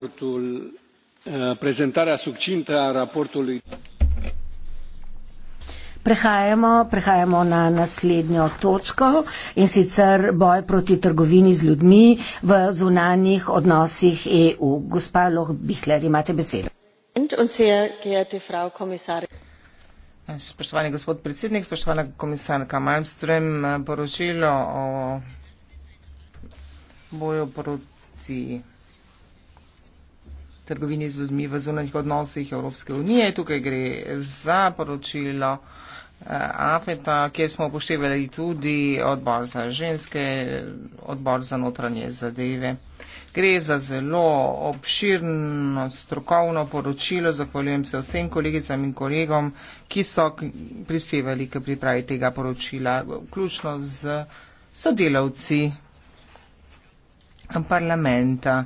Eh, prezentarea succintă a raportului Prehajamo, prehajamo na naslednjo točko in sicer boj proti trgovini z ljudmi v zunanjih odnosih EU. Gospa Loh Bihler, imate besedo. Spoštovani gospod predsednik, spoštovana komisarka Malmström, eh, poročilo o boju proti trgovini z ljudmi v zunanjih odnosih Evropske unije. Tukaj gre za poročilo eh, AFETA, kjer smo upoštevali tudi odbor za ženske, odbor za notranje zadeve. Gre za zelo obširno strokovno poročilo. Zahvaljujem se vsem kolegicam in kolegom, ki so prispevali k pripravi tega poročila, vključno z sodelavci parlamenta.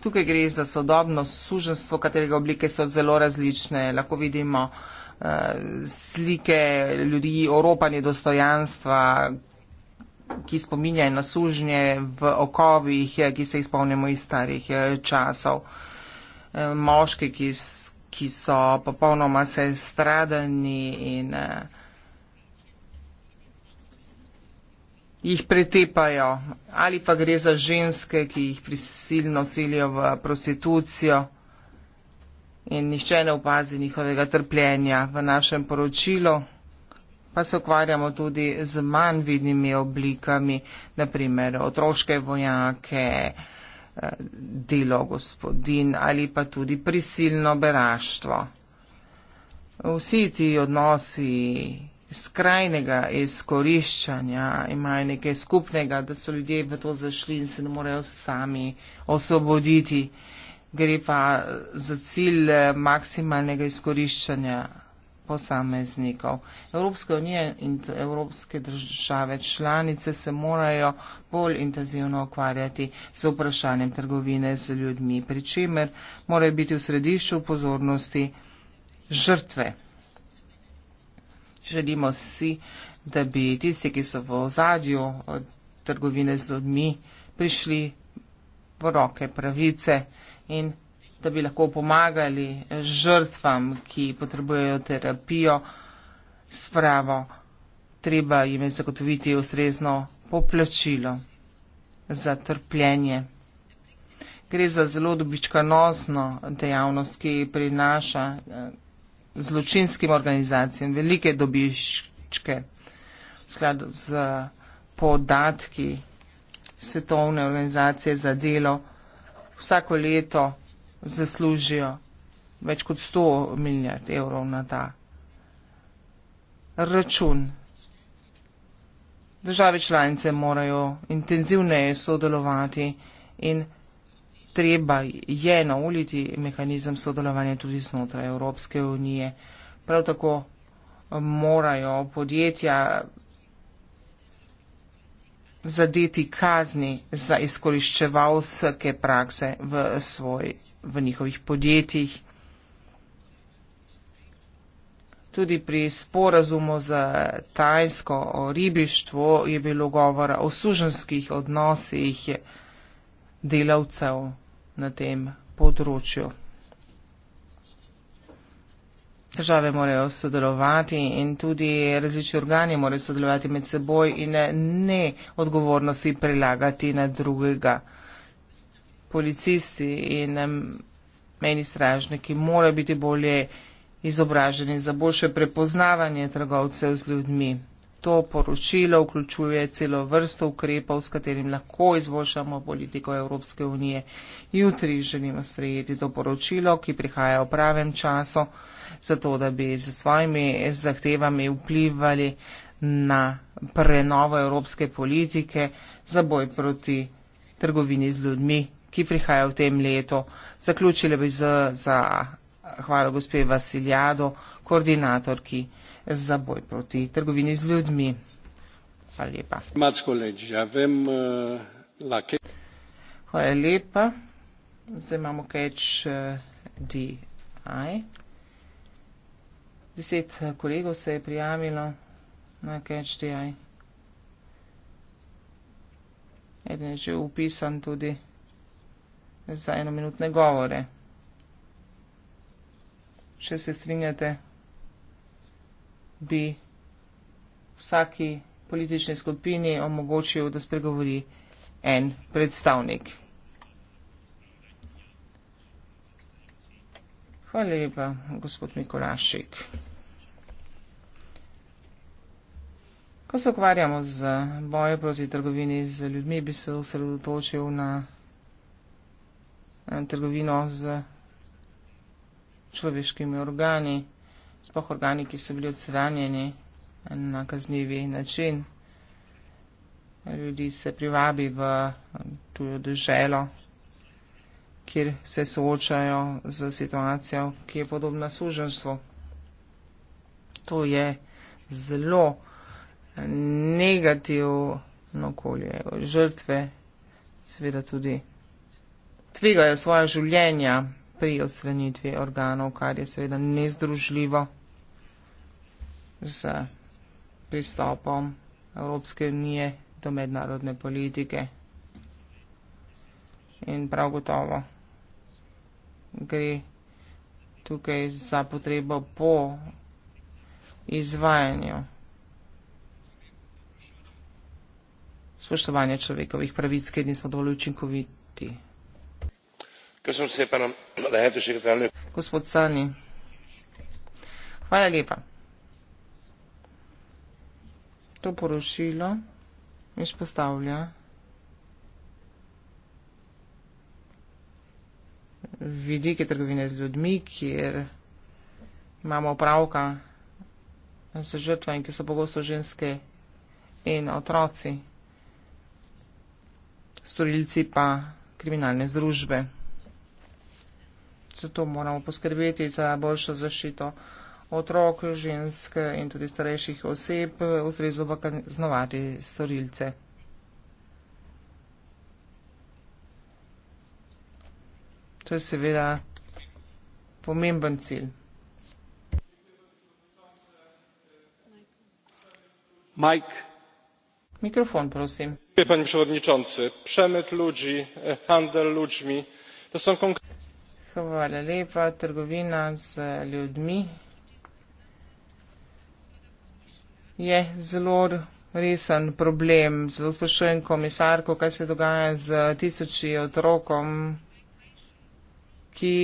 Tukaj gre za sodobno suženstvo, katerega oblike so zelo različne. Lahko vidimo uh, slike ljudi, oropanje dostojanstva, ki spominjajo na sužnje v okovih, eh, ki se izpolnimo iz starih eh, časov. Moški, ki, ki so popolnoma se stradani in uh, jih pretepajo ali pa gre za ženske, ki jih prisilno silijo v prostitucijo in nihče ne opazi njihovega trpljenja v našem poročilu, pa se ukvarjamo tudi z manj vidnimi oblikami, naprimer otroške vojake, delo gospodin ali pa tudi prisilno beraštvo. Vsi ti odnosi skrajnega izkoriščanja, imajo nekaj skupnega, da so ljudje v to zašli in se ne morejo sami osvoboditi. Gre pa za cilj eh, maksimalnega izkoriščanja posameznikov. Evropska unija in evropske države članice se morajo bolj intenzivno ukvarjati z vprašanjem trgovine z ljudmi, pri čemer morajo biti v središču pozornosti žrtve. Želimo si, da bi tisti, ki so v ozadju eh, trgovine z ljudmi, prišli v roke pravice in da bi lahko pomagali žrtvam, ki potrebujejo terapijo, spravo. Treba jim zagotoviti ustrezno poplačilo za trpljenje. Gre za zelo dobičkonosno dejavnost, ki prinaša eh, zločinskim organizacijam, velike dobičke v skladu z podatki Svetovne organizacije za delo. Vsako leto zaslužijo več kot 100 milijard evrov na ta račun. Države članice morajo intenzivneje sodelovati in treba je na uliti mehanizem sodelovanja tudi znotraj Evropske unije. Prav tako morajo podjetja zadeti kazni za izkoriščevalske prakse v, svoj, v njihovih podjetjih. Tudi pri sporazumu z Tajsko o ribištvu je bilo govora o suženskih odnosih delavcev na tem področju. Države morajo sodelovati in tudi različni organi morajo sodelovati med seboj in ne odgovornosti prelagati na drugega. Policisti in meni stražniki morajo biti bolje izobraženi za boljše prepoznavanje trgovcev z ljudmi. To poročilo vključuje celo vrsto ukrepov, s katerim lahko izboljšamo politiko Evropske unije. Jutri želimo sprejeti to poročilo, ki prihaja v pravem času, zato da bi z svojimi zahtevami vplivali na prenovo evropske politike za boj proti trgovini z ljudmi, ki prihaja v tem letu. Zaključili bi z, za hvala gospe Vasiljado, koordinatorki za boj proti trgovini z ljudmi. Hvala lepa. Ja eh, Hvala lepa. Zdaj imamo catch eh, DI. Deset kolegov se je prijavilo na catch DI. Eden je že upisan tudi za enominutne govore. Če se strinjate bi vsaki politični skupini omogočil, da spregovori en predstavnik. Hvala lepa, gospod Mikulašik. Ko se ukvarjamo z boje proti trgovini z ljudmi, bi se osredotočil na trgovino z človeškimi organi spoh organi, ki so bili odsranjeni na kaznjivi način. Ljudi se privabi v tujo drželo, kjer se soočajo z situacijo, ki je podobna suženstvu. To je zelo negativno okolje. Žrtve seveda tudi tvegajo svoje življenja pri odstranitvi organov, kar je seveda nezdružljivo z pristopom Evropske unije do mednarodne politike. In prav gotovo gre tukaj za potrebo po izvajanju spoštovanja človekovih pravic, ker nismo dovolj učinkoviti hvala lepa. To poročilo izpostavlja vidike trgovine z ljudmi, kjer imamo opravka z žrtvami, ki so pogosto ženske in otroci, storilci pa kriminalne združbe zato moramo poskrbeti za boljšo zaščito otrok, žensk in tudi starejših oseb, ustrezno pa kaznovati storilce. To je seveda pomemben cilj. Mike. Mikrofon, prosim. Panie Przewodniczący, przemyt ludzi, handel ludźmi to są konkretne. Hvala lepa, trgovina z ljudmi je zelo resen problem. Zelo sprašujem komisarko, kaj se dogaja z tisoči otrokom, ki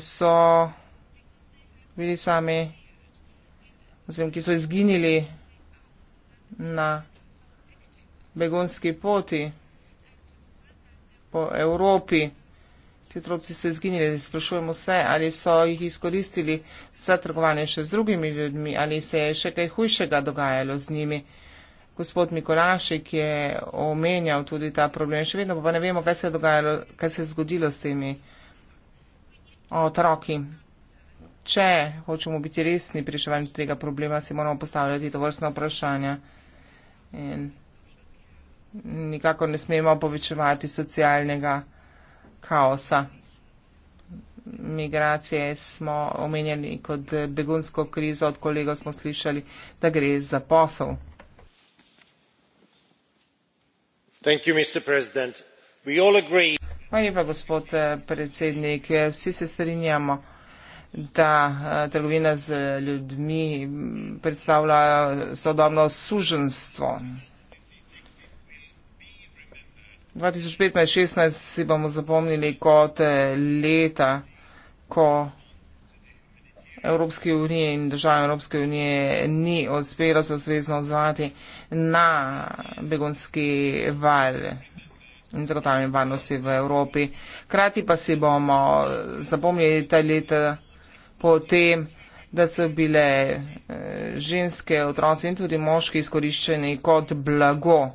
so bili sami, oziroma ki so izginili na begonski poti po Evropi. Ti otroci so izginili, sprašujemo se, ali so jih izkoristili za trgovanje še z drugimi ljudmi, ali se je še kaj hujšega dogajalo z njimi. Gospod Mikolašik je omenjal tudi ta problem, še vedno pa ne vemo, kaj se je, dogajalo, kaj se je zgodilo s temi otroki. Če hočemo biti resni pri reševanju tega problema, si moramo postavljati to vrstno vprašanje. In nikako ne smemo povečevati socialnega kaosa. Migracije smo omenjali kot begunsko krizo, od kolega smo slišali, da gre za posel. Hvala lepa, gospod eh, predsednik. Vsi se strinjamo, da eh, trgovina z ljudmi mm, predstavlja sodobno suženstvo. 2015-2016 si bomo zapomnili kot eh, leta, ko Evropske unije in države Evropske unije ni uspelo se ustrezno odzvati na begonski val in zagotavljanje varnosti v Evropi. Krati pa si bomo zapomnili ta leta potem, da so bile eh, ženske, otroci in tudi moški izkoriščeni kot blago.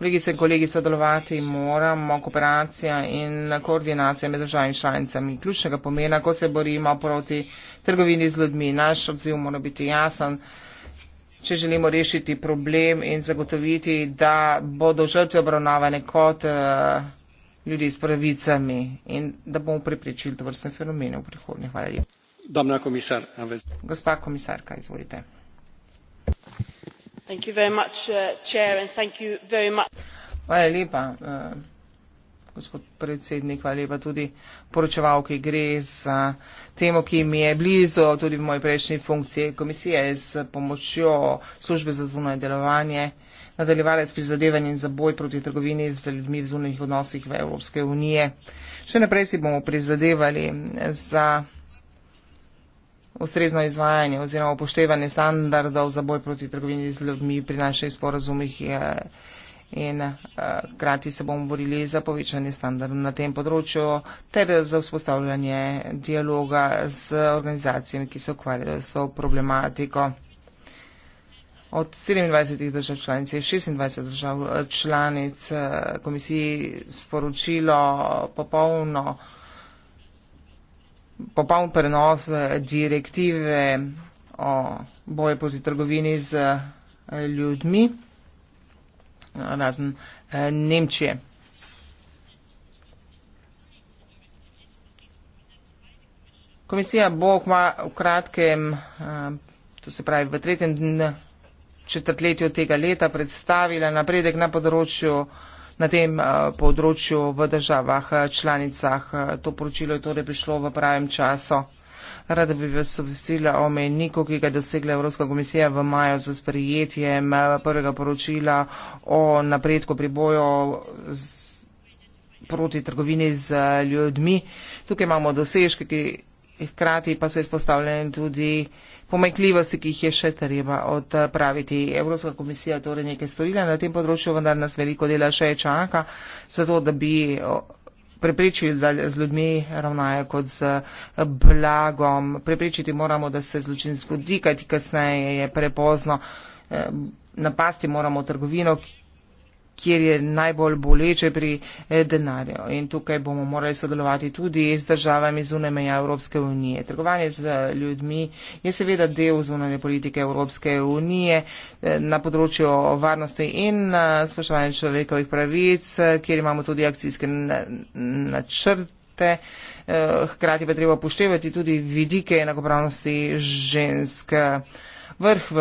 Kolegice in kolegi, sodelovati moramo, kooperacija in koordinacija med državami članicami ključnega pomena, ko se borimo proti trgovini z ljudmi. Naš odziv mora biti jasen, če želimo rešiti problem in zagotoviti, da bodo žrtve obravnavane kot eh, ljudi s pravicami in da bomo preprečili to vrstne fenomene v prihodnje. Hvala lepa. Gospa komisarka, izvolite. Uh, hvala lepa, uh, gospod predsednik, hvala lepa tudi poročevalki. Gre za temo, ki mi je blizu tudi v moji prejšnji funkciji komisije s pomočjo službe za zunanje delovanje. Nadaljevala je s prizadevanjem za boj proti trgovini z ljudmi v zunanjih odnosih v Evropske unije. Še naprej si bomo prizadevali za ustrezno izvajanje oziroma upoštevanje standardov za boj proti trgovini z ljudmi pri naših sporazumih in eh, hkrati se bomo borili za povečanje standardov na tem področju ter za vzpostavljanje dialoga z organizacijami, ki se ukvarjajo s to problematiko. Od 27 držav članic je 26 držav eh, članic eh, komisiji sporočilo popolno popoln prenos eh, direktive o boju proti trgovini z eh, ljudmi, eh, razen Nemčije. Komisija bo v kratkem, to se pravi v tretjem dne, četrtletju tega leta predstavila napredek na področju uh, na tem eh, področju v državah eh, članicah. Eh, to poročilo je torej prišlo v pravem času. Rada bi vas obvestila o mejniku, ki ga je dosegla Evropska komisija v maju za sprejetjem prvega poročila o napredku pri boju proti trgovini z ljudmi. Tukaj imamo dosežke, ki hkrati pa so izpostavljene tudi pomekljivosti, ki jih je še treba odpraviti. Evropska komisija torej nekaj storila na tem področju, vendar nas veliko dela še čaka, zato da bi preprečili, da z ljudmi ravnajo kot z blagom. Preprečiti moramo, da se zločin zgodi, kajti kasneje je prepozno. Eh, napasti moramo trgovino, kjer je najbolj boleče pri eh, denarju. In tukaj bomo morali sodelovati tudi z državami zunaj meja Evropske unije. Trgovanje z eh, ljudmi je seveda del zunanje politike Evropske unije eh, na področju varnosti in spoštovanja človekovih pravic, kjer imamo tudi akcijske načrte. Hkrati pa treba upoštevati tudi vidike enakopravnosti žensk vrh v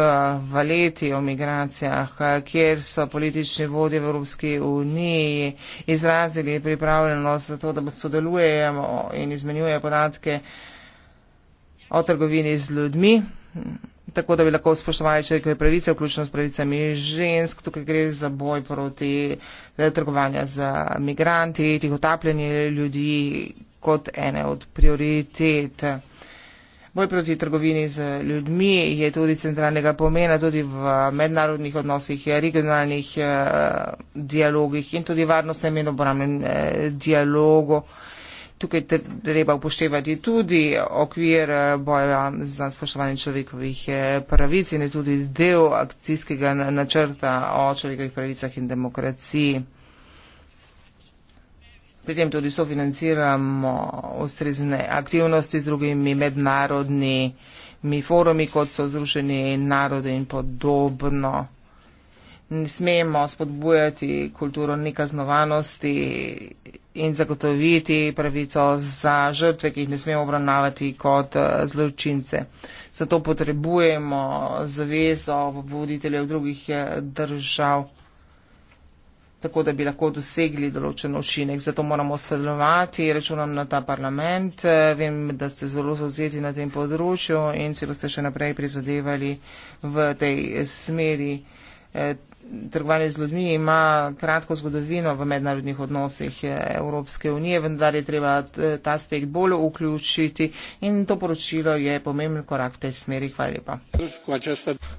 Valeti o migracijah, kjer so politični vodi v Evropski uniji izrazili pripravljenost za to, da sodelujemo in izmenjujejo podatke o trgovini z ljudmi tako da bi lahko spoštovali človekove pravice, vključno s pravicami žensk. Tukaj gre za boj proti eh, trgovanju z migranti, tih otapljanje ljudi kot ene od prioritet. Boj proti trgovini z ljudmi je tudi centralnega pomena, tudi v mednarodnih odnosih, regionalnih eh, dialogih in tudi varnostnem in obramnem eh, dialogu. Tukaj treba upoštevati tudi okvir eh, boja za spoštovanje človekovih eh, pravic in je tudi del akcijskega načrta o človekovih pravicah in demokraciji. Pri tem tudi sofinanciramo ustrezne aktivnosti z drugimi mednarodnimi forumi, kot so Združeni narodi in podobno. Ne smemo spodbujati kulturo nekaznovanosti in zagotoviti pravico za žrtve, ki jih ne smemo obravnavati kot eh, zločince. Zato potrebujemo zavezo voditeljev drugih eh, držav tako da bi lahko dosegli določen učinek. Zato moramo sodelovati, računam na ta parlament. Eh, vem, da ste zelo zauzeti na tem področju in si boste še naprej prizadevali v tej smeri. Eh, trgovanje z ljudmi ima kratko zgodovino v mednarodnih odnosih eh, Evropske unije, vendar je treba ta aspekt bolj vključiti in to poročilo je pomemben korak v tej smeri. Hvala lepa.